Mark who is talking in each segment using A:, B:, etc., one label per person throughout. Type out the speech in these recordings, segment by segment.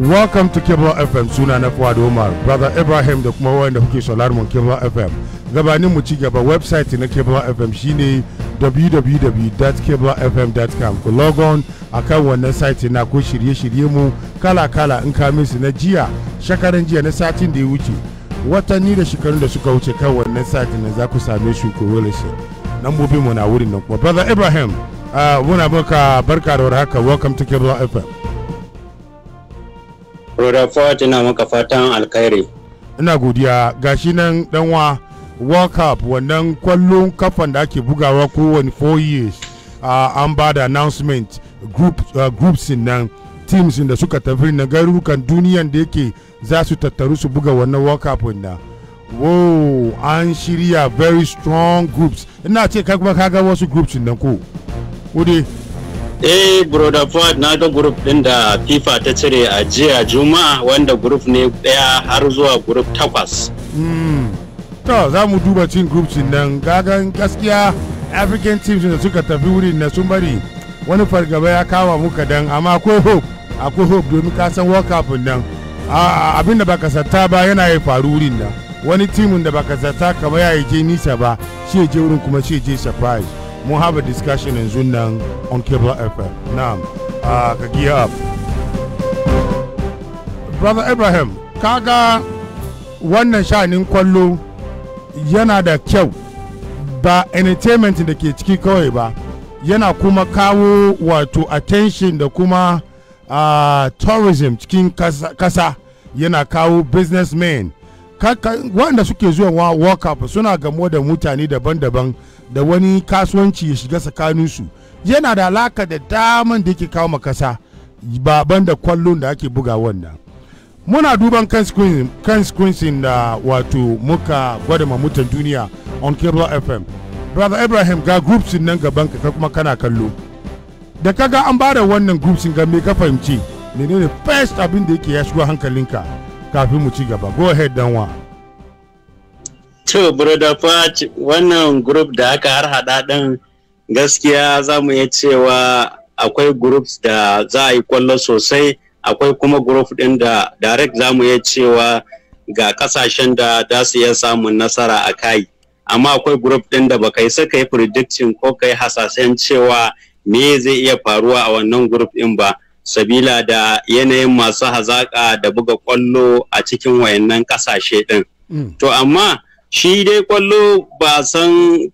A: Welcome to Kibla FM suna na Fuad Omar, Brother Ibrahim da kuma wanda kuke saurari mu Kibla FM. Gabanin mu ci gaba website na Kibla FM shine www.kiblafm.com. Ku log on kan wannan site na ko shirye-shirye mu kala-kala in ka su na jiya, shekaran jiya na satin da ya wuce. Watanni da shekarun da suka wuce kan wannan site na za ku same shi ku wulishin. Nan mu na wurin nan kuma. Brother Ibrahim, ah, muna baka barka da warhaka. Welcome to Kibla FM.
B: Roda ina maka fatan alkhairi.
A: Ina godiya gashi nan danwa World Cup wannan kwallon kafan da ake bugawa kowane 4 years uh, an ba da announcement group, uh, groups nan teams da suka tafi na garurukan duniyan da yake za su tattaru su buga wannan World Cup na. Wow, an shirya very strong groups. Ina ce kai kuma kaga wasu groups nan ko. Ode.
B: eh broda fuad na ga group din da fifa ta cire a jiya juma'a wanda group ne daya har zuwa group takwas
A: hmm. to za mu duba cin group din nan gagan gaskiya african teams da suka tafi wurin na sun bari wani fargaba ya kama muka dan amma akwai hope akwai hope domin ka san world nan abin da baka satta ba yana yi faru wurin nan wani timin da baka zata kamar ya je nisa ba shi je wurin kuma shi je surprise mun have a discussion in nan on Kibla fm Now, uh, ah, ka up brother ibrahim kaga wannan sha'anin kwallo yana da kyau ba entertainment da ke ciki kawai ba yana kuma kawo wato attention da kuma uh, tourism cikin kasa, yana kawo businessmen wanda suke zuwa world cup suna gamo da mutane daban-daban da wani kasuwanci ya shiga tsakaninsu yana da alaka da daman da yake kawo makasa baban da kwallon da ake buga wannan muna duban consequences da uh, wato muka gwada mamutan duniya on cable fm brother ibrahim ga groupsin nan gaban ka kuma kana kallo da ka ga an bada wannan groupsin ga me ka fahimci menene first abin da yake ya shigo hankalinka kafin mu ci gaba go ahead dan wa
B: to brother patch wannan group da aka har hada din gaskiya za mu iya cewa akwai groups da za a yi kwallo sosai akwai kuma group din da direct za mu iya cewa ga kasashen da za su iya samun nasara a kai amma akwai group din da baka yi saka predicting ko kai hasashen cewa me zai iya faruwa a wannan group din ba sabila da yanayin masu hazaƙa da buga ƙwallo a cikin wayannan ƙasashe ɗin. Mm. To amma shi dai ƙwallo ba san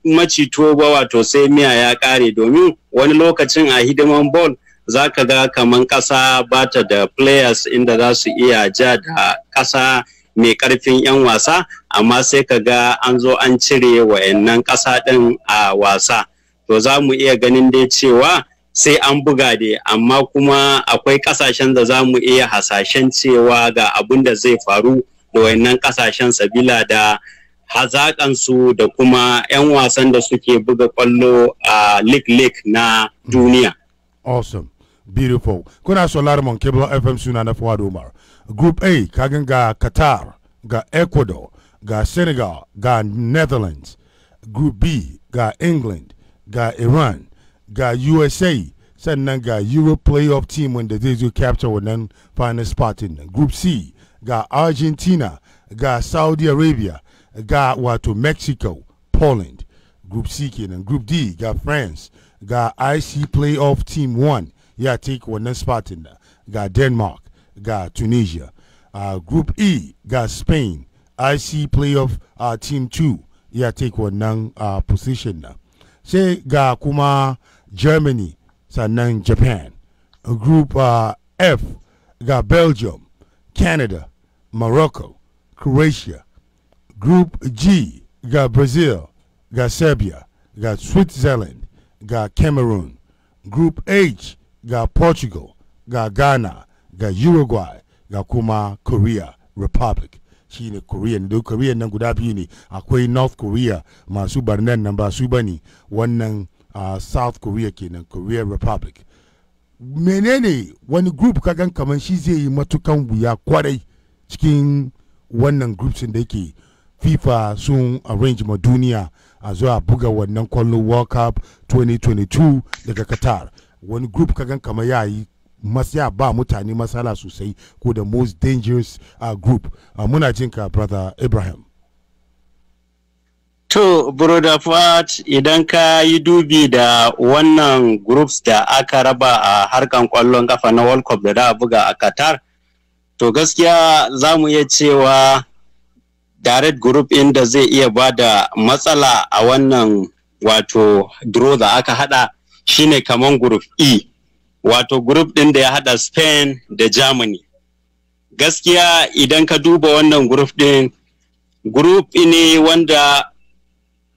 B: macito ba wato sai miya ya ƙare domin wani lokacin a hidiman ball za ka ga kamar ƙasa ba ta da players inda za su iya ja da ƙasa mai ƙarfin 'yan wasa amma sai ka ga an zo an cire wayannan ƙasa ɗin a wasa. To za mu iya ganin dai cewa. sai an buga dai amma kuma akwai kasashen da za mu iya hasashen cewa ga abin da zai faru da wannan kasashen sabila da hazaƙansu da kuma 'yan wasan da suke buga kwallo a lake lake na mm. duniya.
A: Awesome. Beautiful. Kuna solar mon Cable FM suna na Fuad Umar. Group A kagin ga Qatar, ga Ecuador, ga Senegal, ga Netherlands. Group B ga England, ga Iran, ga usa sannan ga euro playoff team wanda zai zo capture wannan final spot nan group c ga argentina ga saudi arabia ga wato mexico poland group c kenan group d ga france ga ic playoff team 1 ya take wannan spot nan ga denmark ga tunisia uh, group e ga spain ic playoff uh, team 2 ya take wannan uh, position nan sai ga kuma germany sannan japan group uh, f ga belgium canada morocco croatia group g ga brazil ga serbia ga switzerland ga cameroon group h ga portugal ga ghana ga uruguay ga kuma korea republic shine korea korea nan guda biyu ne akwai north korea masu barnan nan ba su bane wannan uh, south korea kenan korea republic menene wani group kagan kamar shi zai yi matukan wuya kwarai cikin wannan groups da yake fifa sun arrange ma duniya a zuwa buga wannan kwallon world cup 2022 daga qatar wani group kagan kamar ya yi ya ba mutane masala sosai ko da most dangerous uh, group uh, muna jinka brother ibrahim
B: To, Brother Fuad, idan ka yi dubi da wannan groups da aka raba a harkan kwallon kafa na World Cup da da buga a Qatar, to gaskiya za mu iya cewa direct group inda zai iya ba da matsala a wannan wato draw da aka hada shine kamar group E, wato group din da ya hada Spain da Germany. Gaskiya idan ka duba wannan group din, group ne wanda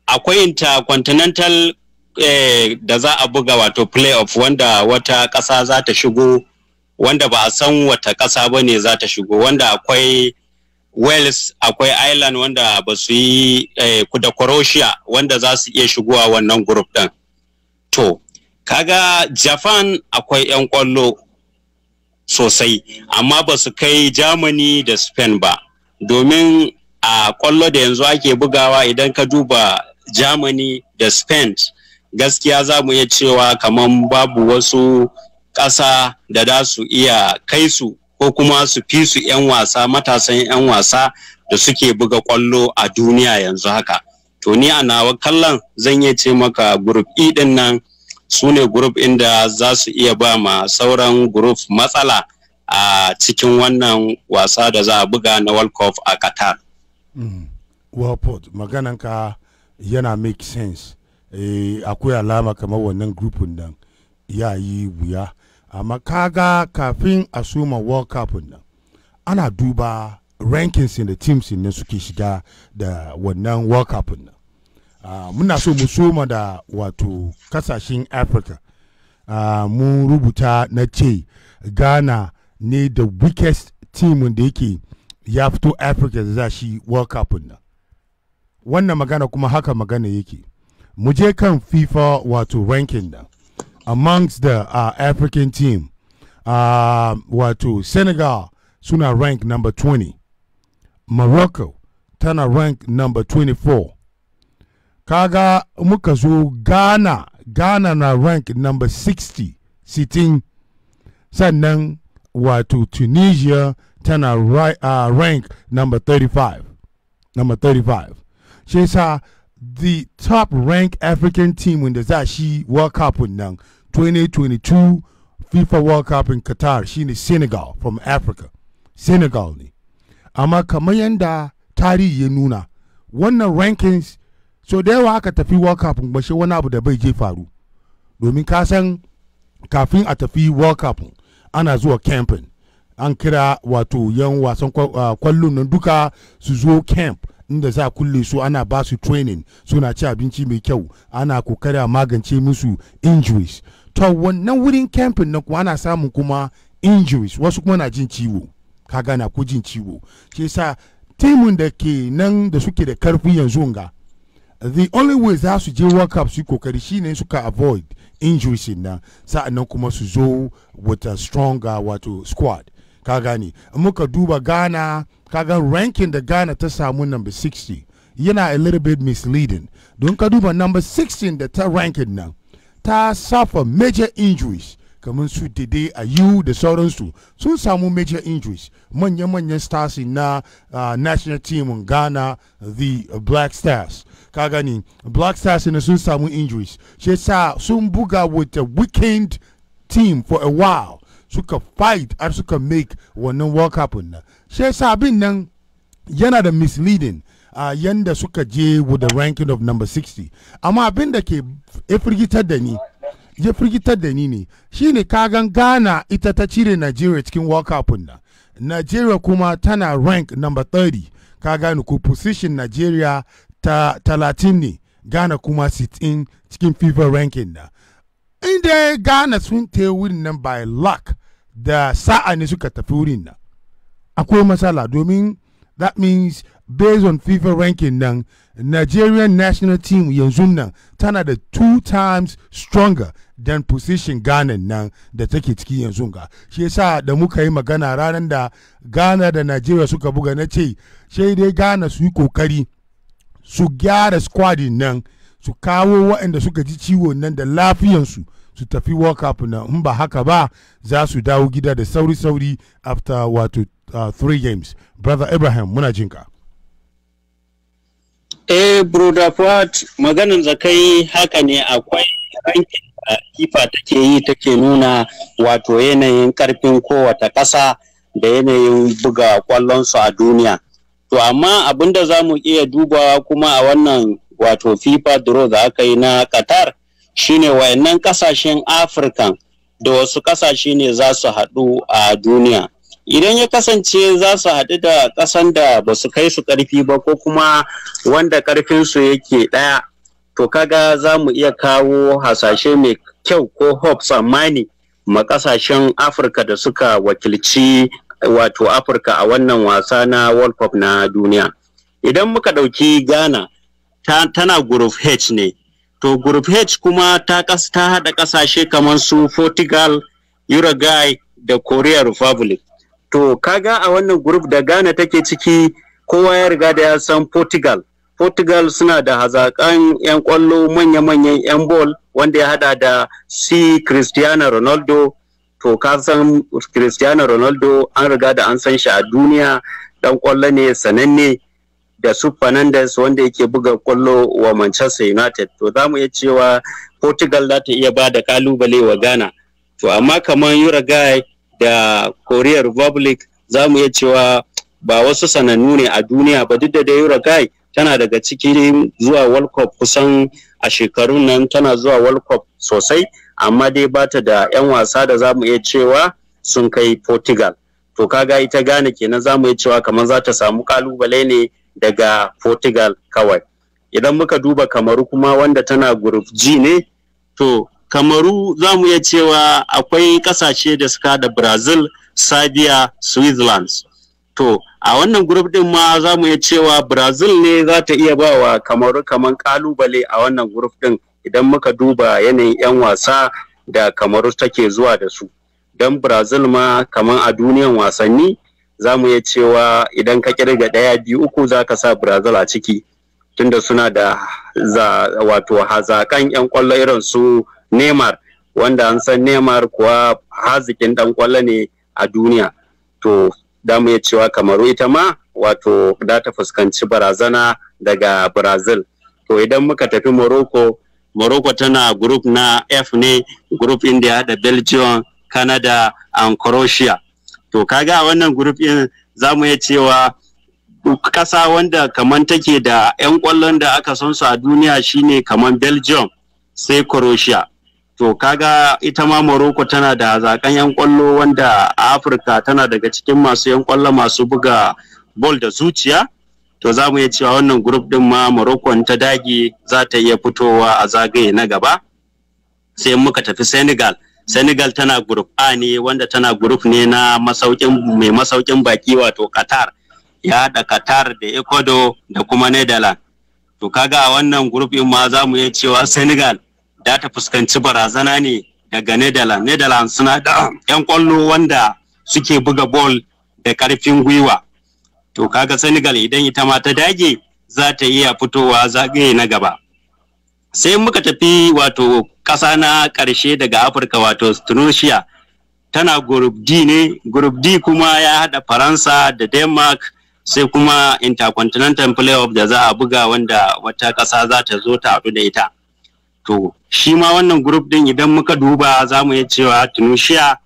B: akwai intercontinental eh, da za a buga wato playoff wanda wata ƙasa za ta shigo wanda ba a san wata ƙasa ba ne za ta shigo wanda akwai wales akwai ireland wanda ba su yi eh, da croatia wanda za su iya shigowa wannan group ɗin to kaga japan akwai 'yan kwallo sosai amma ba su kai germany da spain ba domin a kwallo da yanzu ake bugawa idan ka duba germany da spain gaskiya za mu iya cewa kamar babu wasu ƙasa da za su iya kai su ko kuma su fi su 'yan wasa matasan 'yan wasa da suke buga kwallo a duniya yanzu haka to ni a nawa kallon zan iya ce maka group e din nan su ne group inda za su iya ba ma sauran group matsala a cikin wannan wasa da za a buga na world cup a qatar
A: Mm. well put yana make sense e, akwai alama kamar wannan grupin nan ya yi wuya amma kaga kafin a suma world cup nan ana duba rankings da teams ne suke shiga da wannan world cup nan uh, muna so mu soma da wato kasashen africa uh, mun rubuta na ce ghana ne the weakest team da yake ya fito Africa da za shi World Cup na Wannan magana kuma haka magana yake. Mu je kan FIFA wato ranking na Amongst the uh, African team, uh, wato Senegal suna rank number 20. Morocco tana rank number 24. Kaga muka zo Ghana, Ghana na rank number 60, sitting sannan wato Tunisia tana right, uh, rank number 35. Number 35. Shi yasa the top ranked African team wanda za shi World Cup nan 2022 um, FIFA World Cup in Qatar shine Senegal from Africa. Senegal ne. Amma kamar yadda tarihi ya nuna wannan rankings so da yawa aka tafi World Cup ba shi wani abu da bai je faru. Domin kasan kafin a tafi World Cup ana zuwa camping. an kira wato yan wasan ah, kwallon nan duka su zo camp inda za a kulle su ana ba su training suna ci abinci mai kyau ana kokari a magance musu injuries to wannan wurin camping na kuma ana samun kuma injuries wasu kuma na jin ciwo ka gana ko jin ciwo ke sa timin da ke nan da suke da karfi yanzu nga the only way za su je world cup su kokari shine suka avoid injuries nan sa'annan kuma su zo with a stronger wato squad ka gane muka duba ghana kaga ranking da ghana ta samu number 60 yana a little bit misleading don ka duba number 16 da ta ranking nan ta suffer major injuries kamar su dede a yu da sauransu sun samu major injuries manya-manyan stars na uh, national team ghana the black stars ka gani black stars na sun samu injuries shi sa sun buga with a weekend team for a while suka fight har suka make wannan world cup nan sai sabin nan yana da misleading a uh, yanda suka je with the ranking of number 60 amma abin da ke ya firgitar da ni ya firgitar da ni ne shine kagan ghana ita ta cire nigeria cikin world cup nan nigeria kuma tana rank number 30 ka gane ku position nigeria ta 30 ne ghana kuma 16 cikin fifa ranking na inda Ghana sun te wurin nan by luck da sa'a ne suka tafi wurin nan akwai matsala domin that means based on FIFA ranking nan Nigerian national team yanzu nan tana da two times stronger than position Ghana nan da take ciki yanzu ga shi yasa da muka yi magana ranar da Ghana da Nigeria suka buga na ce sai dai Ghana su yi kokari su gyara squad nan su kawo waɗanda suka ji ciwo nan da lafiyansu su tafi walk up na in ba haka ba za su dawo gida da sauri-sauri after wato uh, three games brother ibrahim muna jinka
B: eh broda fuad maganin zakai haka ne akwai rankin da kifa take yi take nuna wato yanayin karfin kowata ƙasa da yanayin buga kwallonsu a duniya to amma abinda za mu iya dubawa kuma a wannan wato FIFA draw da aka yi na Qatar shine wayannan kasashen Afirka da wasu kasashe ne za su haɗu a duniya. Idan ya kasance za su haɗu da ƙasan da ba su kai su ƙarfi ba ko kuma wanda ƙarfinsu yake ɗaya, to kaga za mu iya kawo hasashe mai kyau ko hope tsammani ma ƙasashen Afirka da suka wakilci wato Afirka a wannan wasa na World Cup na duniya. Idan muka ɗauki Ghana, tana group H ne. To group H kuma ta kasa ta haɗa ƙasashe kamar su Portugal, Uruguay da Korea Republic. To kaga a wannan group da Ghana take ciki kowa ya riga da ya san Portugal. Portugal suna da hazaƙan 'yan ƙwallo manya-manyan 'yan ball wanda ya haɗa da C. Cristiano Ronaldo. To ka san Cristiano Ronaldo an riga da an san shi a duniya Ɗan ƙwallo ne sananne da su Fernandes wanda yake buga kwallo wa Manchester United to za mu iya cewa Portugal za ta iya ba da kalubale wa Ghana to amma kamar Uruguay da Korea Republic za mu iya cewa ba wasu sanannu ne a duniya ba duk da dai Uruguay tana daga cikin zuwa World Cup kusan a shekarun nan tana zuwa World Cup sosai amma dai ba ta da 'yan wasa da za mu iya cewa sun kai Portugal to kaga ita Ghana kenan za mu iya cewa kamar za ta samu kalubale ne daga Portugal kawai. Idan muka duba Kamaru kuma wanda tana group G ne, to Kamaru za mu iya cewa akwai ƙasashe da suka da Brazil, Serbia, Switzerland. To, a wannan group din ma za mu iya cewa Brazil ne za ta iya ba wa Kamaru kaman kalubale a wannan group din idan muka duba yanayin 'yan wasa da Kamaru take zuwa da su. Don Brazil ma kaman a duniyan wasanni za mu iya cewa idan ka kirga ɗaya biyu uku za ka sa brazil a ciki tunda suna da za wato hazakan 'yan kwallo irin su neymar wanda an san neymar kuwa hazikin dan kwallo ne a duniya to da mu iya cewa kamaru ita ma wato da ta fuskanci barazana daga brazil to idan muka tafi morocco morocco tana group na f ne group india da belgium canada and croatia to kaga a wannan group din za mu iya cewa kasa wanda kaman take da 'yan kwallon da aka san su a duniya shine kaman belgium sai croatia to kaga ita ma morocco tana da hazakan 'yan kwallo wanda a afirka tana daga cikin masu 'yan kwallo masu buga bol da zuciya to za mu iya cewa wannan group din ma morocco ta dage za ta iya fitowa a zagaye na gaba sai muka tafi senegal Senegal tana group A ne wanda tana group ne na masaukin mai masaukin baki wato Qatar ya da Qatar da Ecuador da kuma Netherlands to kaga a wannan group din ma za mu iya cewa Senegal da ta fuskanci barazana ne daga Netherlands Netherlands suna da yan kwallo wanda suke buga ball da karfin gwiwa to kaga Senegal idan ita ma ta dage za ta iya fitowa zagaye na gaba sai muka tafi wato ƙasa na ƙarshe daga afirka wato tunisia tana group d ne group d kuma ya haɗa faransa da denmark sai kuma intercontinental playoff da za a buga wanda wata ƙasa za ta zo ta da ita to shi ma wannan group din idan muka duba za mu iya cewa tunisia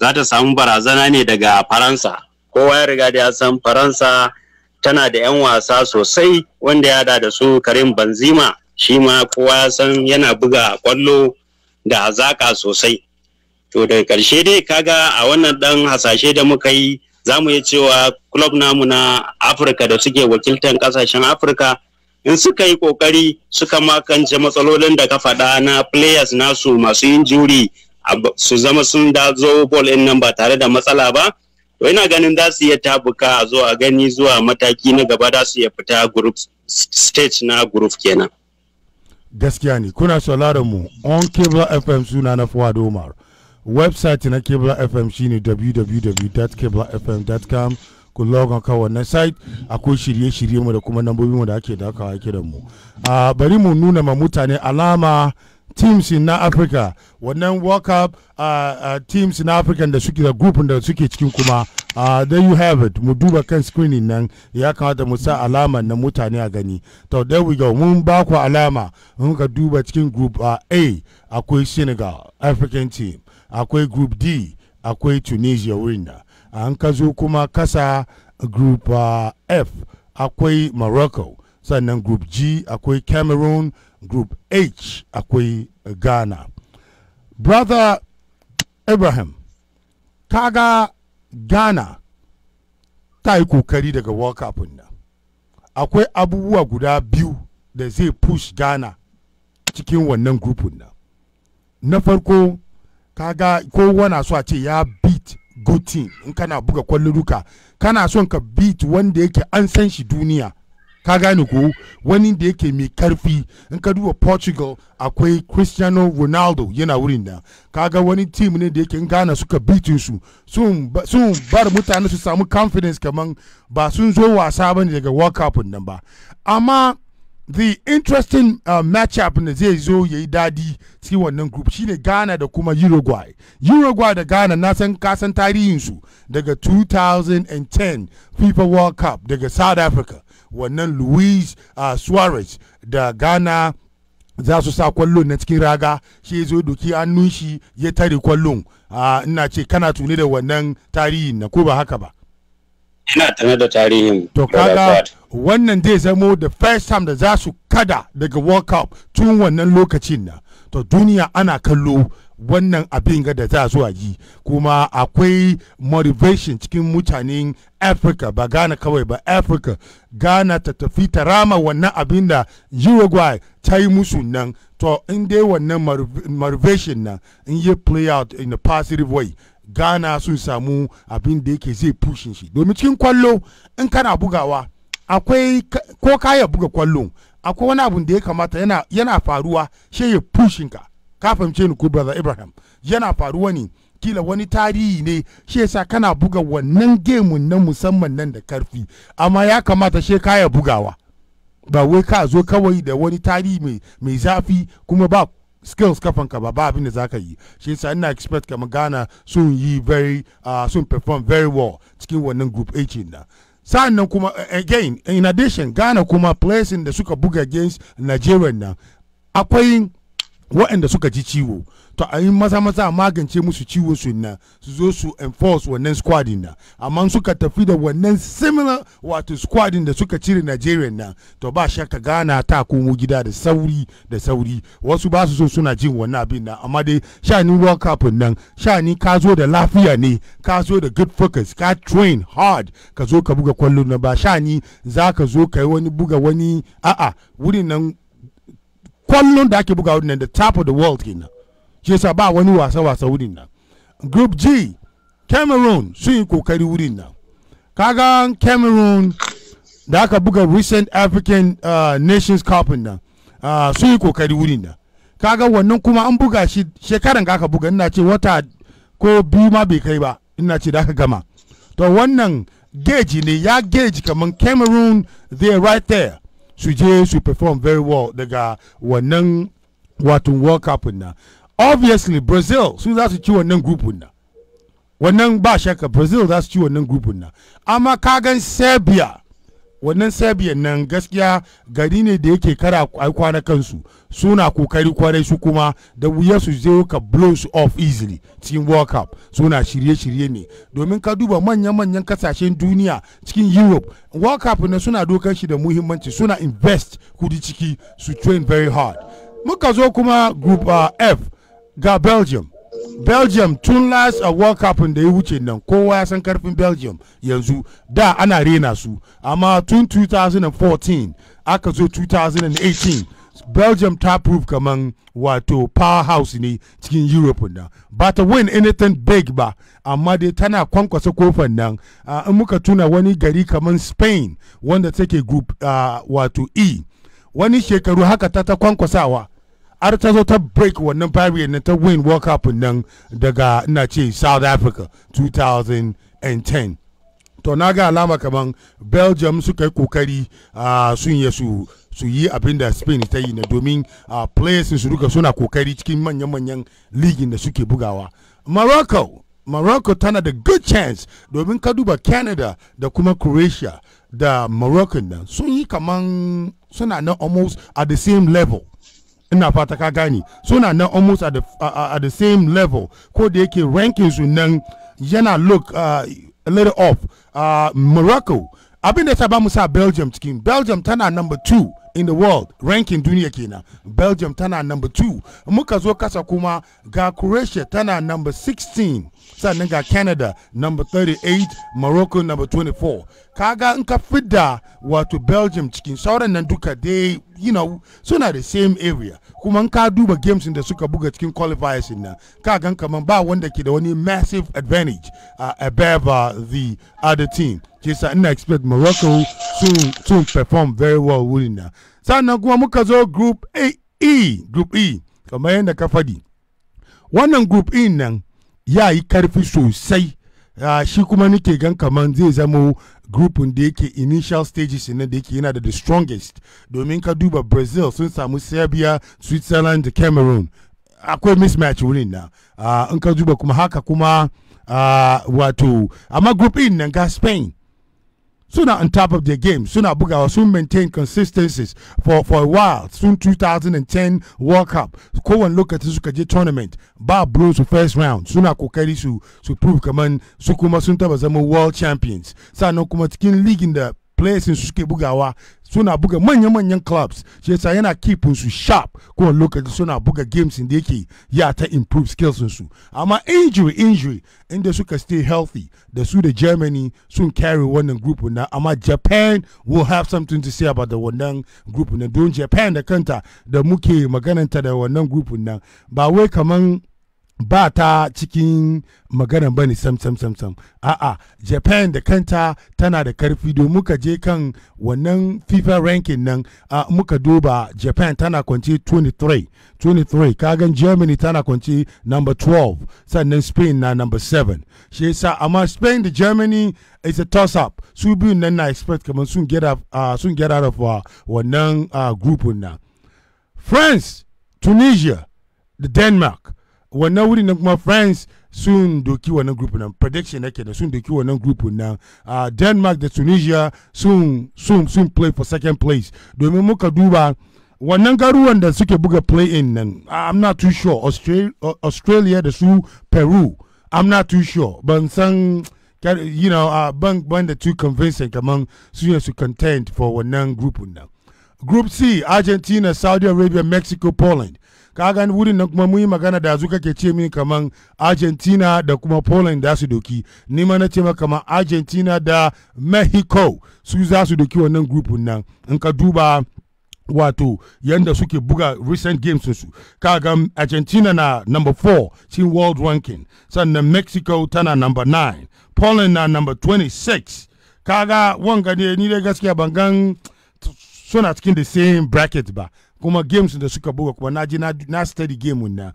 B: za ta samu barazana ne daga faransa kowa ya riga da ya san faransa tana da 'yan wasa sosai wanda ya da su karim banzima shi ma kowa ya san yana buga kwallo da zaka sosai to daga karshe dai kaga a wannan dan hasashe da muka yi za mu iya cewa club namu na afirka da suke wakiltar ƙasashen afirka in suka yi ƙoƙari suka makance matsalolin da ka faɗa na players nasu masu yin juri su zama sun da zo ball in nan ba tare da matsala ba to ina ganin za su iya tabuka a zo a gani zuwa mataki na gaba za su iya fita group stage na group kenan
A: gaskiya ne kuna sauraron mu on cable fm suna na fuwa omar website na cable fm shine www.cablefm.com ku logon kan wannan site akwai shirye-shirye mu da kuma nambobin mu da ake dakawa da mu ah, bari mu nuna ma mutane alama teams na Africa wannan World Cup uh, uh, teams na Africa da suke da group da suke cikin kuma uh, there you have it mu duba kan screening nan ya kamata mu sa alama na mutane a gani to there we go mun ba ku alama mun ka duba cikin group uh, A akwai Senegal African team akwai group D akwai Tunisia winner an ka zo kuma kasa group uh, F akwai Morocco sannan group g akwai cameroon group h akwai eh, ghana brother abraham kaga ghana ta yi kokari daga world cup nan akwai abubuwa guda biyu da zai push ghana cikin wannan grupun nan na farko kaga ko na so a ce ya beat good team in kana buga kwallo duka kana son ka beat wanda yake an san shi duniya ka gane ko wani da yake mai karfi in ka duba portugal akwai cristiano ronaldo yana wurin da kaga wani team ne da yake gana suka bitin su sun bar mutane su samu confidence kaman ba sun zo wasa ne daga world cup nan ba amma the interesting uh, matchup da zai zo ya yi dadi cikin wannan group shine ghana da kuma uruguay uruguay da ghana na san kasan tarihinsu daga 2010 fifa world cup daga south africa wannan luis uh, suarez da ghana za su sa kwallo na cikin raga shi zo doki hannun shi ya tare kwallon ah, ina ce kana tuni da wannan tarihin na ko ba haka ba
B: ina tana da tarihin to
A: kaga wannan zai zamo the first time da za su kada daga world cup tun wannan lokacin na to duniya ana kallo wannan abin ga da za zuwa yi kuma akwai motivation cikin mutanen africa ba ghana kawai ba africa ghana ta tafi ta rama wannan abin da uruguay ta yi musu nan to in dai wannan motivation na in yi play out in a positive way ghana sun samu abin da yake zai pushin shi domin cikin kwallo in kana bugawa akwai ko kaya buga kwallo akwai wani abin da ya kamata yana, yana faruwa shi ya pushin ka ka fahimce ni ko brother ibrahim yana faruwa ne kila wani tarihi ne shi yasa kana buga wannan gemun na musamman nan da karfi amma ya kamata she kaya bugawa ba wai ka zo kawai da wani tarihi mai zafi kuma ba skills kafanka ba ba abin da zaka yi shi yasa ina expect ka Ghana sun yi very uh, sun perform very well cikin wannan group H din sannan kuma again in addition Ghana kuma placing da suka buga against Nigeria na akwai waɗanda suka ji ciwo to a yi maza maza magance musu ciwo su na su zo su enforce wannan squadin na amma suka tafi da wannan similar wato squadin da suka cire nigeria na to ba shakka gana ta komo gida da sauri da sauri wasu ba su so suna jin wannan abin na amma dai shani World Cup nan shani ka zo da lafiya ne ka zo da good focus ka train hard ka zo ka buga kwallo na ba shani za ka zo ka yi wani buga wani a'a wurin nan kwallon da ake buga wurin nan da top of the world kenan shi yasa ba wani wasa wasa wurin nan group g cameroon sun yi kokari wurin nan kaga cameroon da aka buga recent african uh, nations cup na uh, sun yi kokari wurin nan kaga wannan kuma an buga shi shekaran da aka buga ina ce wata ko biyu ma bai kai ba ina ce da aka gama to wannan geji ne ya geji kamar cameroon they right there su je su perform very well daga wannan wato world cup na obviously brazil su za su ci wannan grupin na wannan ba shakka brazil za su ci wannan grupin na amma kagan serbia wannan serbian nan gaskiya gari ne da yake kara kwana kansu suna kokari kwarai su kuma da wuya su zai ka blow su off easily cikin world cup suna shirye-shirye ne domin ka duba manyan-manyan kasashen duniya cikin europe world cup na suna dokar shi da muhimmanci suna invest kudi ciki su train very hard muka zo kuma group uh, f ga belgium belgium tun last a uh, world cup da ya wuce nan kowa ya san karfin belgium yanzu da ana rena su amma tun 2014 aka zo 2018 belgium ta prove kaman wato powerhouse ne cikin europe nan ba ta win anything big ba amma dai tana kwankwasa kofar nan uh, in muka tuna wani gari kaman spain wanda take group uh, wato e wani shekaru haka ta ta kwankwasawa har ta zo ta break wannan barrier na ta win world cup nan daga ina ce south africa 2010 to na ga alama kamar belgium suka yi kokari ah, sun yi su yi abin da spain ta yi na domin ah, players su duka suna kokari cikin manyan-manyan ligin da suke bugawa morocco morocco tana da good chance domin ka duba canada da kuma croatia da morocco nan sun yi kaman suna na almost at the same level ina fata ka gani suna nan almost at the, uh, at the same level ko da yake rankin su nan yana look uh, a little off uh, morocco abin da ya sa ba mu sa belgium cikin belgium tana number two in the world ranking duniya kenan belgium tana number 2 muka zo kasa kuma ga croatia tana number 16 sannan ga canada number 38 morocco number 24 kaga in ka fidda wato belgium cikin sauran nan duka dai you know suna the same area kuma in ka duba games da suka buga cikin qualifiers nan ka gan kaman ba wanda ke da wani massive advantage uh, above uh, the other team kisa ina expect morocco to to perform very well wurin na. sannan kuma muka zo group A, E group E kamar yadda ka faɗi wannan group E nan ya yi karfi sosai ah, shi kuma nake gan kamar zai zama grupin da yake initial stages na da yake yana da the strongest domin ka duba brazil sun samu serbia switzerland da cameroon akwai mismatch wurin na ah, in ka duba kuma haka kuma uh, wato amma group in e nan ga spain suna on top of their game suna bugawa sun maintain consistencies for, for a while sun 2010 world cup kowane lokaci suka je tournament ba blow su first round suna kokari su prove kaman su kuma sun taba zama world champions sannan kuma cikin ligin da players su suke bugawa suna buga manya-manyan clubs shi yasa yana keepin su sharp ko lokaci suna buga games da yake ya ta improve skills su amma injury injury inda suka stay healthy da su da germany sun carry wannan group na amma japan will have something to say about wannan group na don japan da kanta da muke magananta da wannan group na ba wai kaman ba ta cikin magana bane sam sam sam sam a'a japan da kanta tana da karfi domin muka je kan wannan fifa ranking nan a muka duba japan tana kwance 23 23 kagan germany tana kwanci number 12 sannan spain na number 7 shi yasa amma spain da germany is a toss up su biyu nan na expect kamar sun get up sun get out of uh, wannan uh, group na france tunisia da denmark wannan wurin na kuma france sun doki wannan group nan prediction na kenan sun doki wannan group nan uh, denmark da tunisia sun sun sun play for second place domin muka duba wannan garuwan da suke buga play-in nan i'm not too sure australia, australia da su peru i'm not too sure ban san you know uh, ban ban da too convincing kaman su ne su contend for wannan group nan group c argentina saudi arabia mexico poland ka gani wurin nan kuma mun yi magana da zu kake ce min kaman Argentina da kuma Poland da su doki ni ma na ce maka kaman Argentina da Mexico su za su doki wannan grupun nan in ka duba wato yanda suke buga recent games su kaga argentina na number 4 cikin world ranking sannan mexico tana number 9 poland na number 26 kaga wanga ne ni dai gaskiya bangan suna cikin the same bracket ba kuma games da suka buga kuma na ji na study game na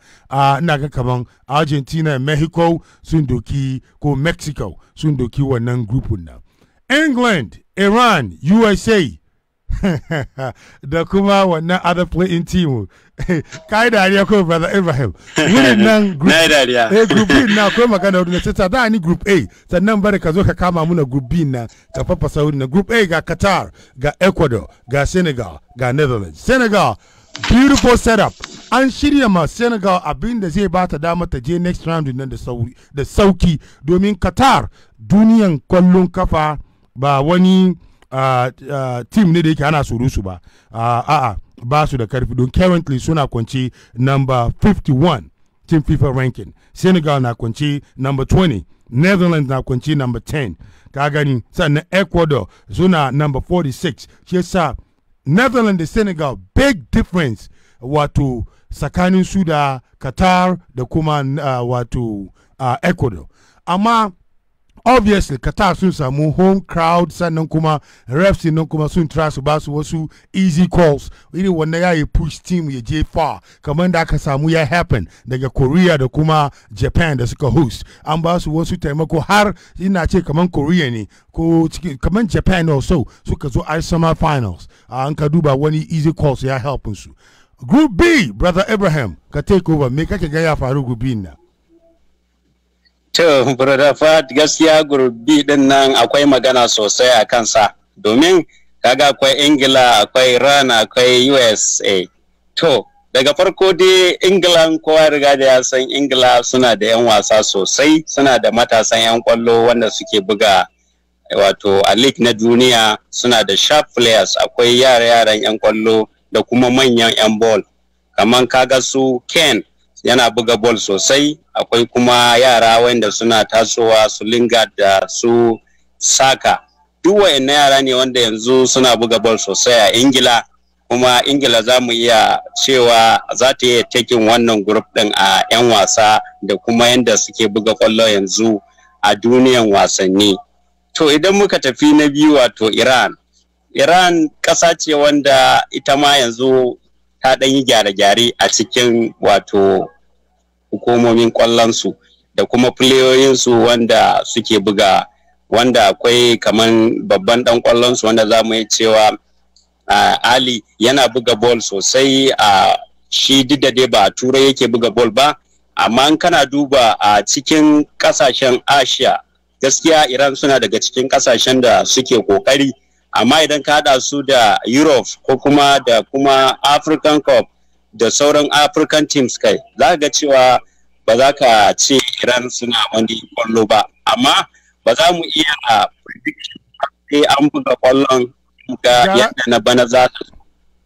A: ina ga kaman argentina mexico sun doki ko mexico sun doki wannan group na england iran usa da kuma wannan other playing team yi dariya ko brother Ibrahim wurin nan
B: group eh
A: group B na ko magana wurin sai ta dani ni group A sannan bari ka zo ka kama muna group B na ka fafasa wurin group A ga Qatar ga Ecuador ga Senegal ga Netherlands Senegal beautiful setup an shirya ma senegal abin da zai bata dama ta je next round nan da sauki domin qatar duniyan kwallon kafa ba wani team ne da yake ana suru su ba a'a ba su da karfi don currently suna kwanci number 51 team fifa ranking senegal na kwanci number 20 netherlands na kwanci number 10 ka gani sannan ecuador suna number 46 shi yasa netherlands da senegal big difference wato tsakanin su da qatar da kuma uh, wato uh, ecuador amma obviously qatar sun samu home crowd sannan kuma refs nan kuma sun tara su ba su wasu easy calls irin wannan ya yi push team ya je far kamar da aka samu ya happen daga korea da kuma japan da suka host an ba su wasu taimako har ina ce kamar korea ne ko kamar japan so suka zo a summer finals an ka duba wani easy calls ya helpin su group b brother abraham ka take over me kake ga ya faru group b na
B: To, Brother Fat, gaskiya gurbi din nan akwai magana sosai a kansa, domin kaga akwai Ingila, akwai Iran, akwai USA. To, daga farko dai Ingila kowa riga da ya san Ingila suna da 'yan wasa sosai, suna da matasan 'yan kwallo wanda suke buga wato a league na duniya suna da sharp players akwai yare yaran 'yan kwallo da kuma manyan 'yan ball. Kaman kaga su Ken, yana buga bol sosai akwai kuma yara wanda suna tasowa su linga da su saka duk wayannan yara ne wanda yanzu suna buga bol sosai a ingila kuma ingila za mu iya cewa za ta iya takin wannan grup din a 'yan wasa da kuma yanda suke buga kwallo yanzu a duniyan wasanni to idan muka tafi na biyu wato iran iran ƙasa ce wanda ita ma yanzu ta ɗan yi gyare-gyare a cikin wato hukumomin ƙwallonsu da kuma filiyoyinsu wanda suke buga wanda akwai kamar babban ɗan ƙwallonsu wanda za mu yi cewa uh, ali yana buga bol sosai a uh, shi da dai ba turai yake buga bol ba amma kana duba a cikin ƙasashen asiya gaskiya iran suna daga cikin ƙasashen da suke ƙoƙari amma idan ka haɗa su da europe ko kuma da kuma african cup da sauran african teams kai za ga cewa ba za ka ce iran suna wani kwallo ba amma ba za mu iya a sai an buga kwallon ga yadda na bana za su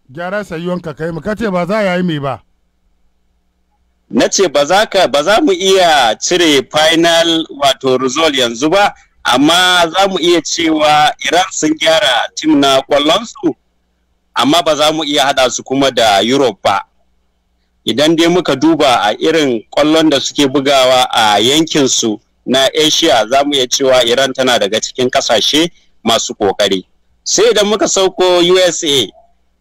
A: gyara sayuwan ka kai ka ce ba za ya yi mai ba
B: na ce ba za ka ba za mu iya cire final wato result yanzu ba amma za mu iya cewa iran sun gyara tim na kwallonsu amma ba za mu iya hada su kuma da europe ba idan dai muka duba a irin kwallon da suke bugawa a yankinsu na asia za mu iya cewa iran tana daga cikin kasashe masu kokari sai idan muka sauko usa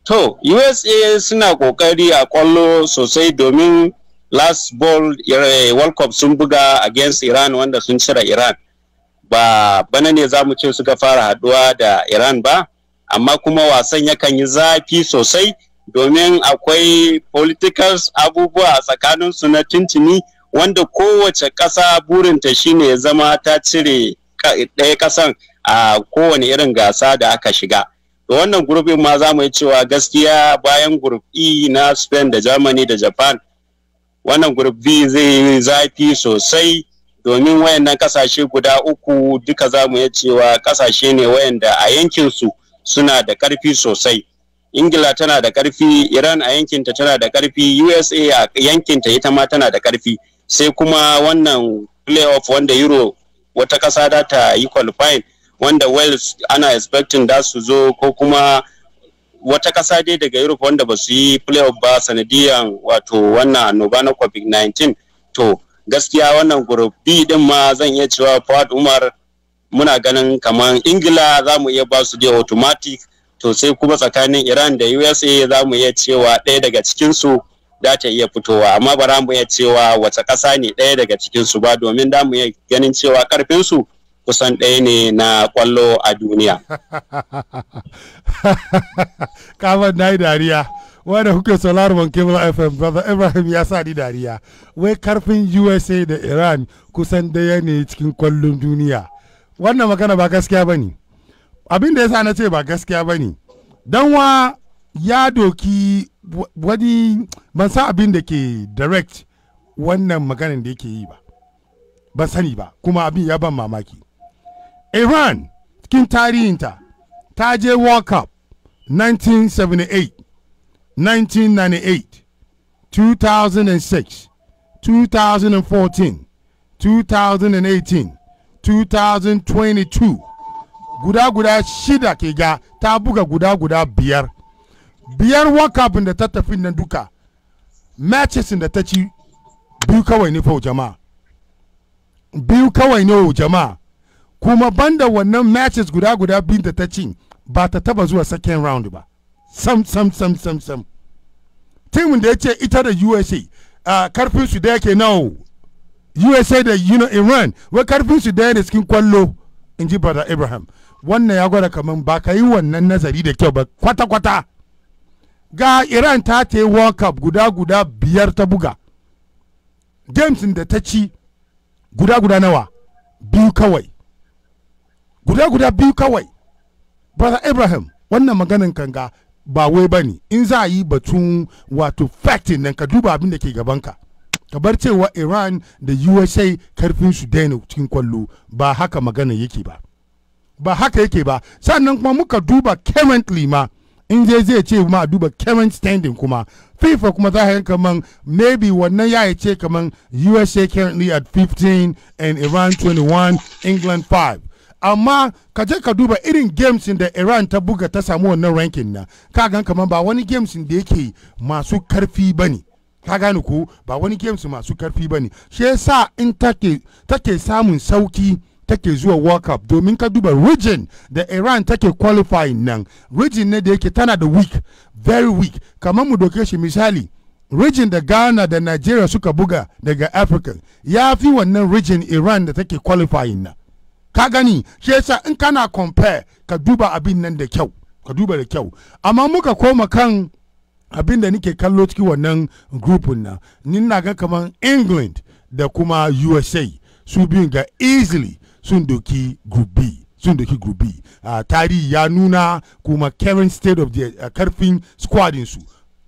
B: to usa suna kokari a kwallo sosai domin last ball eh, world cup sun buga against iran wanda sun cire iran ba bana ne za mu ce suka fara haduwa da Iran ba, amma kuma wasan yakan yi zafi sosai domin akwai political abubuwa a tsakaninsu na tintini wanda kowace ƙasa burinta shine ya zama ta cire ɗaya ƙasan a kowane irin gasa da aka shiga. Da wannan gurbin ma za mu yi cewa gaskiya bayan gurbi e na Spain da Germany da Japan, wannan gurbi zai yi zafi sosai. domin wayannan kasashe guda uku duka za mu iya cewa kasashe ne wayanda a yankinsu suna da karfi sosai ingila tana da karfi iran a yankinta tana da ƙarfi usa a yankinta ita ma tana da ƙarfi sai kuma wannan playoff wanda euro wata ƙasa da ta yi qualifying wanda wales ana expecting da su zo ko kuma wata ƙasa dai daga europe wanda ba su yi playoff ba sanadiyan wato wannan na covid-19 to gaskiya wannan group B din ma zan iya cewa Fuad Umar muna ganin kamar Ingila za mu iya ba su da automatic to sai kuma tsakanin Iran da USA za mu iya cewa ɗaya daga cikinsu su za ta iya fitowa amma ba za mu iya cewa wace ƙasa ne ɗaya daga cikinsu ba domin da mu iya ganin cewa karfin su kusan ɗaya ne na ƙwallo a duniya.
A: Kamar na yi dariya. wanda kuke sauraron Kebla FM brother Ibrahim ya sa ni dariya wai karfin USA da Iran kusan daya ne cikin kwallon duniya wannan magana ba gaskiya ba ne abin da sa na ce ba gaskiya ne dan wa ya doki wani ban san abin da ke direct wannan maganin da yake yi ba ban sani ba kuma abin ya ban mamaki iran cikin tarihinta ta je world cup 1978 1998, 2006, 2014, 2018, 2022 guda-guda shida ke ga ta buga guda-guda biyar biyar world da ta tafi nan duka matches da ta ci biyu kawai ne fa jama'a biyu kawai ne jama'a kuma banda wannan matches guda-guda biyu da ta ci ba ta taba zuwa second round ba sam sam sam sam sam team da ya ce ita da usa uh, karfin su da yake nawa usa da you know, iran wai karfin su da ne cikin kwallo in ji brother abraham wannan ya gwada kamar ba ka yi wannan nazari da kyau ba kwata-kwata ga iran ta ta yi world cup guda-guda biyar ta buga games da ta ci guda-guda nawa biyu kawai guda-guda biyu kawai brother abraham wannan maganin kanga ba wai ba ne in za a yi batun wato factin nan ka duba abin da ke gaban ka ka bar cewa iran da usa karfin su daina cikin kwallo ba haka magana yake ba ba haka yake ba sannan kuma muka duba currently ma in zai zai ce ma a duba current standing kuma fifa kuma za a yi kaman maybe wannan ya ce kaman usa currently at 15 and iran 21 england 5 amma ka je ka duba irin games da iran ta buga ta samu wannan rankin na ka gan kamar ba wani games da yake masu karfi ba ne ka gane ko ba wani games masu karfi ba ne shi yasa in take samun sauki take zuwa world cup domin ka duba region da iran take qualifying nan region ne da yake tana da weak very weak kamar mu doke shi misali region da ghana da nigeria suka buga daga africa ya fi wannan region iran da take qualifying nan ka gani shi yasa in kana compare ka duba abin nan da kyau ka duba da kyau amma muka koma kan abin da nike kallo cikin wannan grupin nan ni na ga kaman england da kuma usa su biyun ga easily sun doki group b sun doki group b uh, tarihi ya nuna kuma current state of the uh, karfin squadin su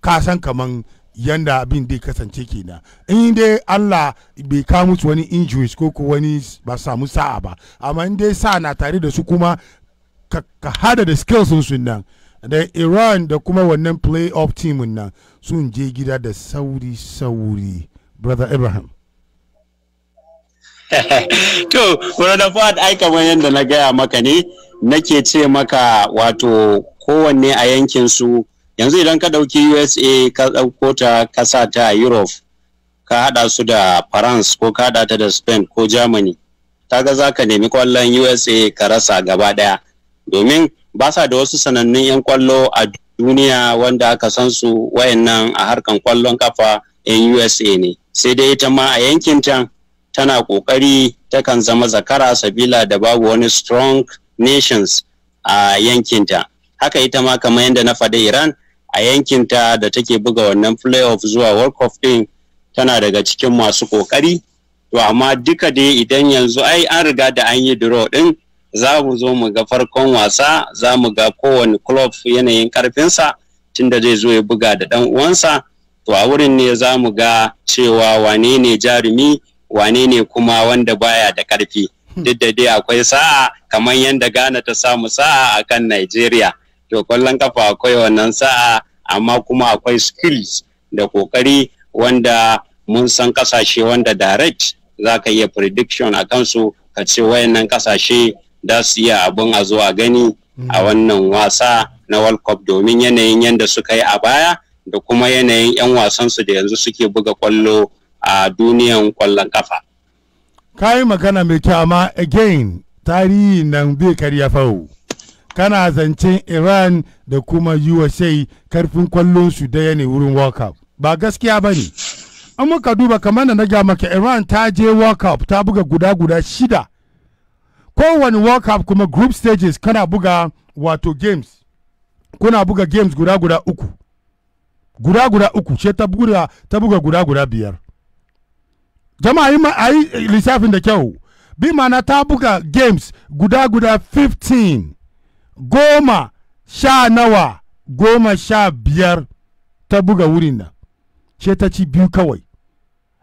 A: kasan kaman yanda abin dai kasance kenan in dai Allah bai ka musu wani injuries ko ko wani ba samu sa'a ba amma in dai sa na tare da su kuma ka, hada da skills sun nan da Iran da kuma wannan playoff team nan sun je gida da sauri sauri brother abraham.
B: to brother Fuad ai kamar yanda na gaya maka ne nake ce maka wato kowanne a yankin su yanzu idan ka ɗauki usa ka ɗauko ta kasa ta europe ka haɗa su da france ko ka hada ta da spain ko germany kaga za ka nemi kwallon usa ka rasa gaba ɗaya domin ba sa da wasu sanannun 'yan kwallo a duniya wanda aka san su wayannan a harkan kwallon kafa 'yan usa ne sai dai ita ma a yankin ta tana kokari ta kan zama zakara sabila da babu wani strong nations a yankinta haka ita ma kamar yadda na faɗi iran a yankinta da take buga wannan playoff zuwa world cup din tana daga cikin masu kokari to amma duka dai idan yanzu ai an riga da an yi draw din za mu zo mu ga farkon wasa za mu ga kowane club yanayin karfinsa tunda zai zo ya buga da dan uwansa to a wurin ne za mu ga cewa wane ne jarumi wane ne kuma wanda baya da karfi duk da dai akwai sa'a kamar yadda Ghana ta samu sa'a akan Nigeria. to kwallon kafa akwai wannan sa'a amma kuma akwai skills da kokari wanda mun san kasashe wanda direct za ka iya prediction a kansu ka ce wayannan kasashe da su iya abin a zuwa gani a mm. wannan wasa na world cup domin yanayin yadda suka yi a baya da kuma yanayin 'yan wasansu da yanzu suke buga kwallo a duniyan kwallon kafa
A: yi magana mai kyau amma again tarihi nan bai karya fau kana zancen iran da kuma usa karfin kwallonsu ya ne wurin world cup ba gaskiya ba ne an muka duba kamar da na ga maka iran ta je world cup ta buga guda guda shida kowane world cup kuma group stages kana buga wato games kuna buga games guda guda uku guda guda uku ce ta buga ta buga guda guda biyar jama'a a yi lissafin da kyau bi ma'ana ta buga games guda guda 15 goma sha nawa goma sha biyar ta buga wurin nan ce ta ci biyu kawai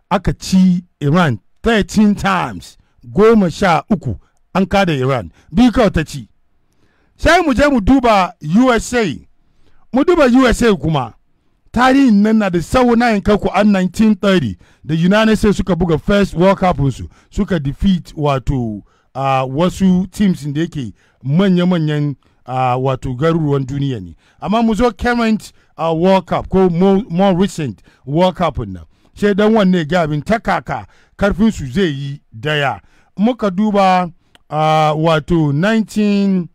A: aka ci iran 13 times goma sha uku an kada iran biyu kawai ta ci sai mu je mu duba usa mu duba usa kuma tarihin nan na da sau na yankanku an 1930 da united states suka buga first world cup su suka defeat wato a wasu teams da yake manya-manyan wato garuruwan duniya ne amma mu zo current world cup ko more recent world cup nan sai dan wanne gabin ta kaka karfin su zai yi daya muka duba wato 19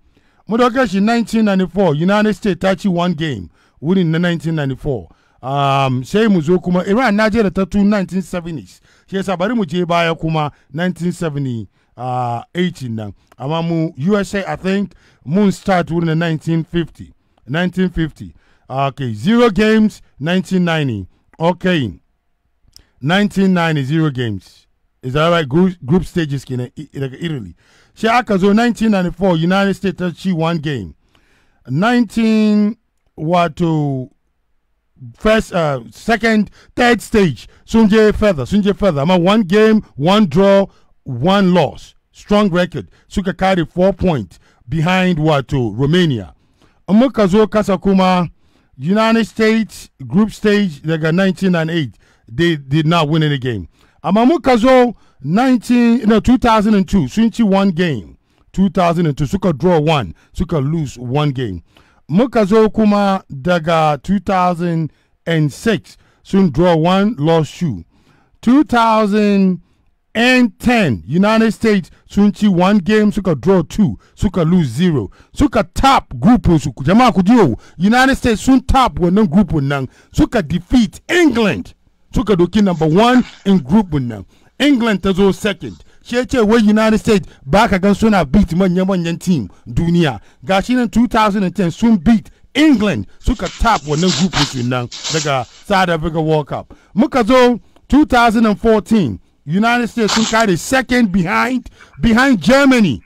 A: mu shi 1994 united states ta ci one game wurin na 1994 um, sai mu zo kuma iran najeriya da ta 1970s shi yasa bari mu je baya kuma 1970 uh, 80 nan amma mu usa i think mun start wurin 1950 1950 okay zero games 1990 okay 1990 zero games is that right group, group stages kenan daga italy sai aka zo 1994 united states ta ci one game 19 wato first uh, second third stage sun je further sun je further amma one game one draw one loss strong record suka carry four points behind wato romania muka zo kasa kuma united states group stage daga 1998 they did not win any game amma muka zo 19, no, 2002 sun ci one game 2002 suka draw one suka lose one game muka zo kuma daga 2006 sun draw one lost two 2000 and 10 united states sun ci one game suka draw two suka lose zero suka tap su jama'a ku jiyo united states sun tap wannan grupun nan suka defeat england suka doki number one in grupun nan england ta zo second shi ce united states ba ka gan suna beat manya-manyan team duniya gashi nan 2010 sun beat england suka tap wannan grupun nan daga south africa world cup muka zo 2014 united states sun kare second behind behind germany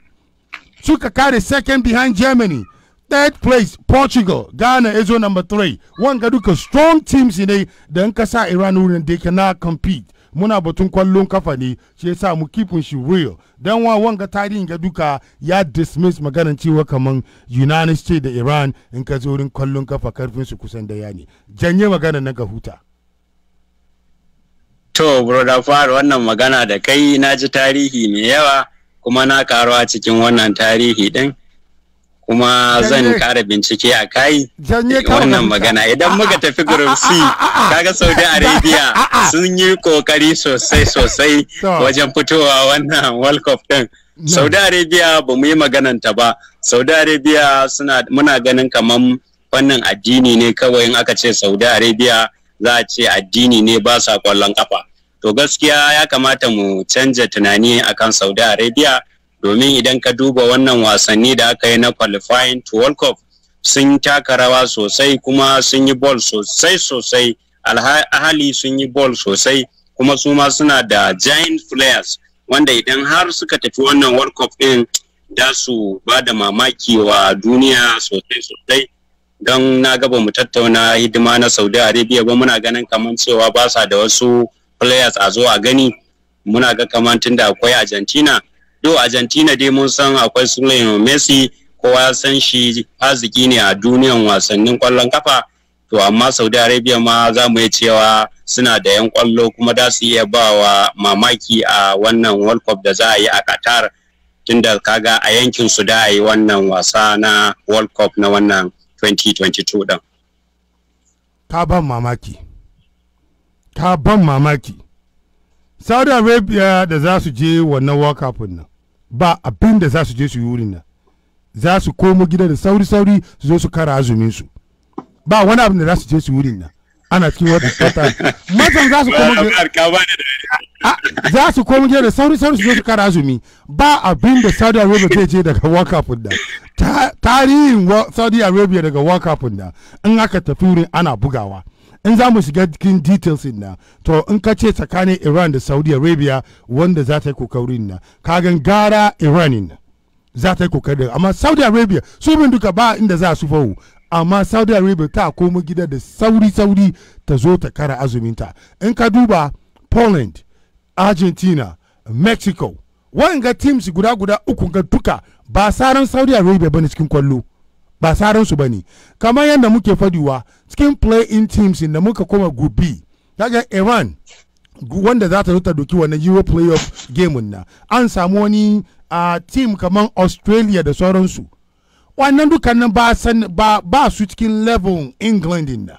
A: suka kare second behind germany third place portugal ghana ezo on number three wanga duka strong teams ne da in kasa iran wurin they cannot compete muna batun kwallon kafa ne shi yasa mu kifin shi real dan wa wanga tarihin ga duka ya dismiss maganar cewa kaman united states da iran in ka zo wurin kwallon kafa karfin su kusan da ya ne janye maganar na ka huta
B: To, Broda wannan magana da kai na ji tarihi mai yawa kuma na karuwa cikin wannan tarihi din. Kuma zan kara bincike a kai wannan magana idan muka tafi group C kaga Saudi Arabia sun yi kokari sosai sosai wajen fitowa wannan World Cup din. Saudi Arabia ba mu yi magananta ba. Saudi Arabia muna ganin kamar fannin addini ne kawai in aka ce Saudi Arabia za a ce addini ne ba sa kwallon kafa to gaskiya ya kamata mu canza tunani akan saudi arabia domin idan ka duba wannan wasanni da aka yi na qualifying to world cup sun taka rawa sosai kuma sun yi ball sosai sosai alhali sun yi ball sosai kuma su ma suna da giant players wanda idan har suka tafi wannan world cup din da su ba da mamaki wa duniya sosai sosai don na ga ba mu tattauna hidima na saudi arabia ba muna ganin kamar cewa ba sa da wasu players a zo a gani muna ga kamar tun da akwai argentina do argentina dai mun san akwai su messi kowa san shi arziki ne a duniyan wasannin kwallon kafa to amma saudi arabia ma za mu iya cewa suna da yan kwallo kuma da su iya ba wa mamaki a wannan world cup da za a yi a qatar tun ka kaga a yankin su da a yi wannan wasa na world cup na wannan 2022 ɗin.
A: Ka ban mamaki. Ka ban mamaki. Saudi Arabia da za su je wannan World Cup nan ba abin da za su je su yi wurin nan. Za su komo gida da sauri-sauri su zo su kara azumin su. Ba wani abin da za su je su yi wurin nan. ana cikin wata mazan za su koma za su koma gida sauri sauri su zo su kara azumi ba abin da saudi arabia zai je daga wakafin da tarihin saudi arabia daga wakafin da in aka tafi wurin ana bugawa in za mu shiga cikin details na to in ka ce tsakanin iran da saudi arabia wanda za ta yi kokari na kagan gara iranin za ta yi kokari amma saudi arabia su bin duka ba inda za su fahu amma saudi arabia ta komo gida da sauri-sauri ta zo ta kara azuminta in ka duba poland argentina mexico ga teams guda-guda uku ga duka ba saran saudi arabia bane cikin kwallo ba saran su bane kamar yadda muke fadiwa cikin play-in teams da muka koma group b iran wanda za ta zo ta doki wannan euro playoff game na an samu wani a ah, team kamar australia da sauransu wannan dukkanin ba su cikin level england din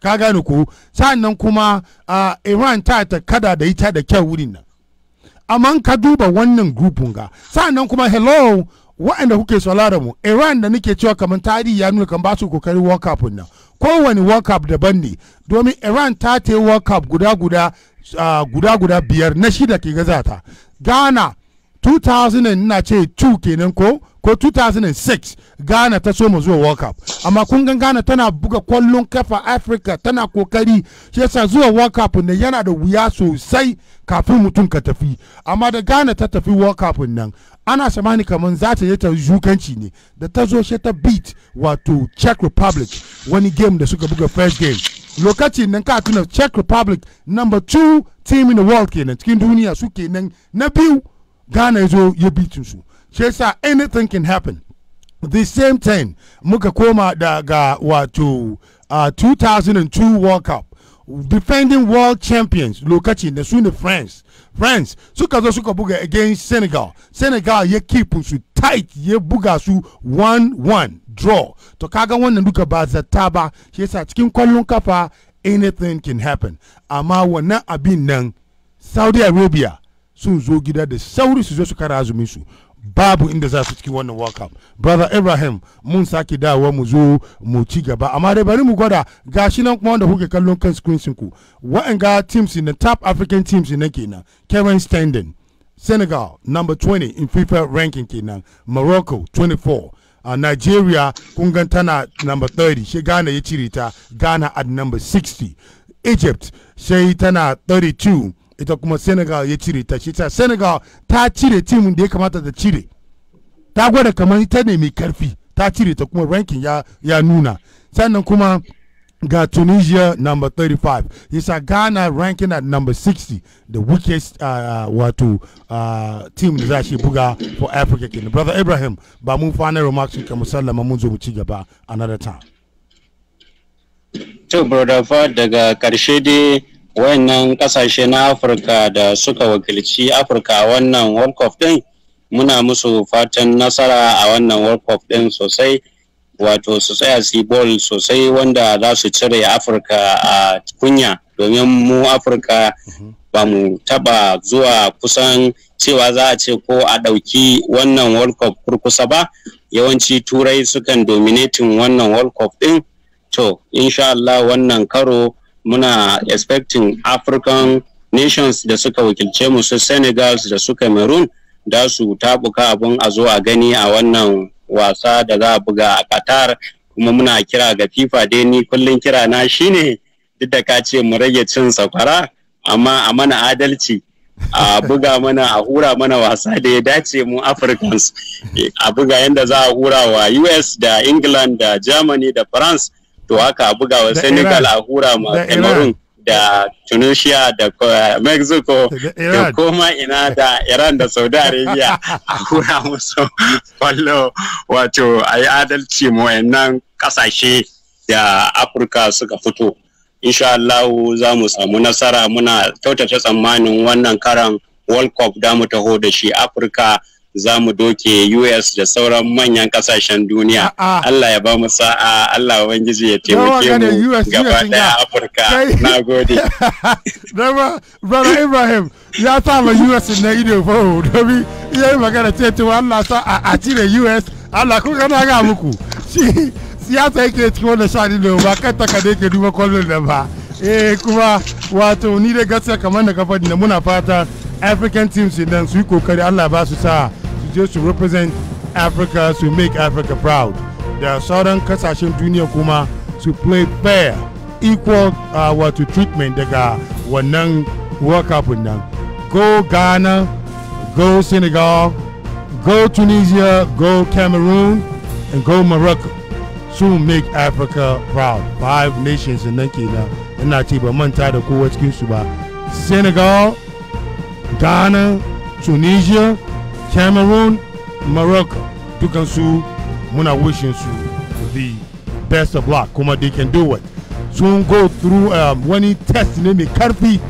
A: ka gane ko sannan kuma iran ta ta kada da ita da kyau wurin nan amma ka duba wannan grupun ga sannan kuma hello waɗanda kuke saurara mu iran da nake cewa kamar tarihi ya nuna kan ba su kokari world cup nan kowane world cup daban ne domin iran ta ta yi world cup guda guda guda guda biyar na shida ke gaza ta ghana 2000 na ce 2 kenan ko ko 2006 ghana ta soma zuwa world cup amma kun gan ghana tana buga kwallon kafa africa tana kokari shi yasa zuwa world cup ne yana da wuya sosai kafin mutum ka tafi amma da ghana ta tafi world cup nan ana samani kamar za ta yi ta zukanci ne da ta zo shi ta beat wato czech republic wani game da suka buga first game lokaci nan ka tuna czech republic number two team in the world kenan cikin duniya su kenan na biyu ghana ya zo ya beat su shi yasa anything can happen the same thing muka koma daga wato uh, 2002 world cup defending world champions lokacin da su ne france france suka zo suka buga against senegal senegal ya keep su tight ya buga su 1-1 draw to kaga wannan duka ba zata ba shi yasa cikin kwallon kafa anything can happen amma wannan abin nan saudi arabia sun zo gida da sauri su zo su kara azumin su babu inda za su cikin wannan world brother ibrahim mun sake dawowa mu zo mu ci gaba amma dai bari mu gwada gashi nan kuma wanda kuke kallon kan screen ku wa'anga teams na top african teams na kenan kevin standing senegal number 20 in fifa ranking kenan morocco 24 a uh, nigeria kungan tana number 30 shi ghana ya cire ta ghana at number 60 egypt sai tana 32 ita kuma senegal ya cire ta shi senegal ta cire timin da ya kamata ta cire ta gwada kamar ita ne mai karfi ta cire ta kuma rankin ya, ya nuna sannan kuma ga tunisia number 35 yasa ghana ranking at number 60 the weakest uh, uh, wato uh, team da za shi buga for africa kin brother ibrahim ba mun fana remarks ka musallama mun zo mu ci gaba another time
B: to brother daga karshe dai wayannan kasashe na afirka da suka wakilci afirka a wannan world cup din muna musu fatan nasara a wannan world cup din sosai wato su tsaya su ball sosai wanda za su cire afirka a kunya domin mu afirka ba mu taba zuwa kusan cewa za a ce ko a ɗauki wannan world cup kurkusa ba yawanci turai sukan dominatin wannan world cup din to insha Allah wannan karo muna expecting african nations da suka wakilce mu su senegal da su cameroon da su tabuka abun a zo a gani a wannan wasa da za a buga a qatar kuma muna kira ga fifa dai ni kullum kira na shine duk da ka ce mu rage cin sakwara amma a mana adalci a buga mana a hura mana wasa da ya dace mu africans a buga yadda za a hura wa us da england da germany da france to haka a wa senegal a hura ma cameroon da tunisia da mexico da koma ina da iran da saudi arabia a hura musu kwallo wato a yi adalci nan kasashe da afirka suka fito insha Allah za mu samu nasara muna kyautata tsammanin wannan karan world cup da mu taho da shi afirka za mu doke US da sauran manyan kasashen duniya. Allah ya ba mu sa'a, Allah Ubangiji ya taimake mu gaba daya
A: Afirka. Na gode. Dama, Brother Ibrahim ya sa ma US na ido fahu domin iya yi magana ce ta Allah sa a cire US, Allah kun gana ga muku. siyasa yake cikin sha ni da ba kan takarda yake duba kwallon da ba. Eh kuma wato ni da gaskiya kamar da ka faɗi muna fata African teams nan su yi kokari Allah ba su sa'a. just to represent Africa to make Africa proud da sauran kasashen duniya kuma to play fair equal uh, wato treatment daga wannan world cup nan go ghana go senegal go tunisia go cameroon and go morocco to make africa proud five nations nan kenan ina ce ba manta da kowa cikinsu ba senegal ghana tunisia cameroon morocco dukansu muna wishing su the best of luck kuma they can do it sun go through um, wani test ne mai karfi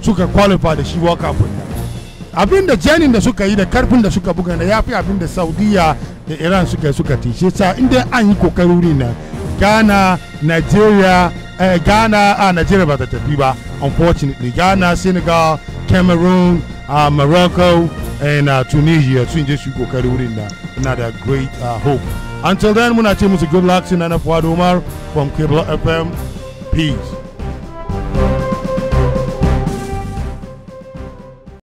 A: suka qualify da shi up with abin da janin da suka yi da karfin da suka buga da ya fi abin da saudiya da iran suka suka tishe sa inda an yi kokaruri na ghana nigeria eh, ghana a ah, nigeria ba ta tafi ba unfortunately ghana senegal cameroon uh, morocco and uh, Tunisia su je kokari wurin da ina da great uh, hope until then muna ce good luck sunana Fuad Umar from Kibla FM peace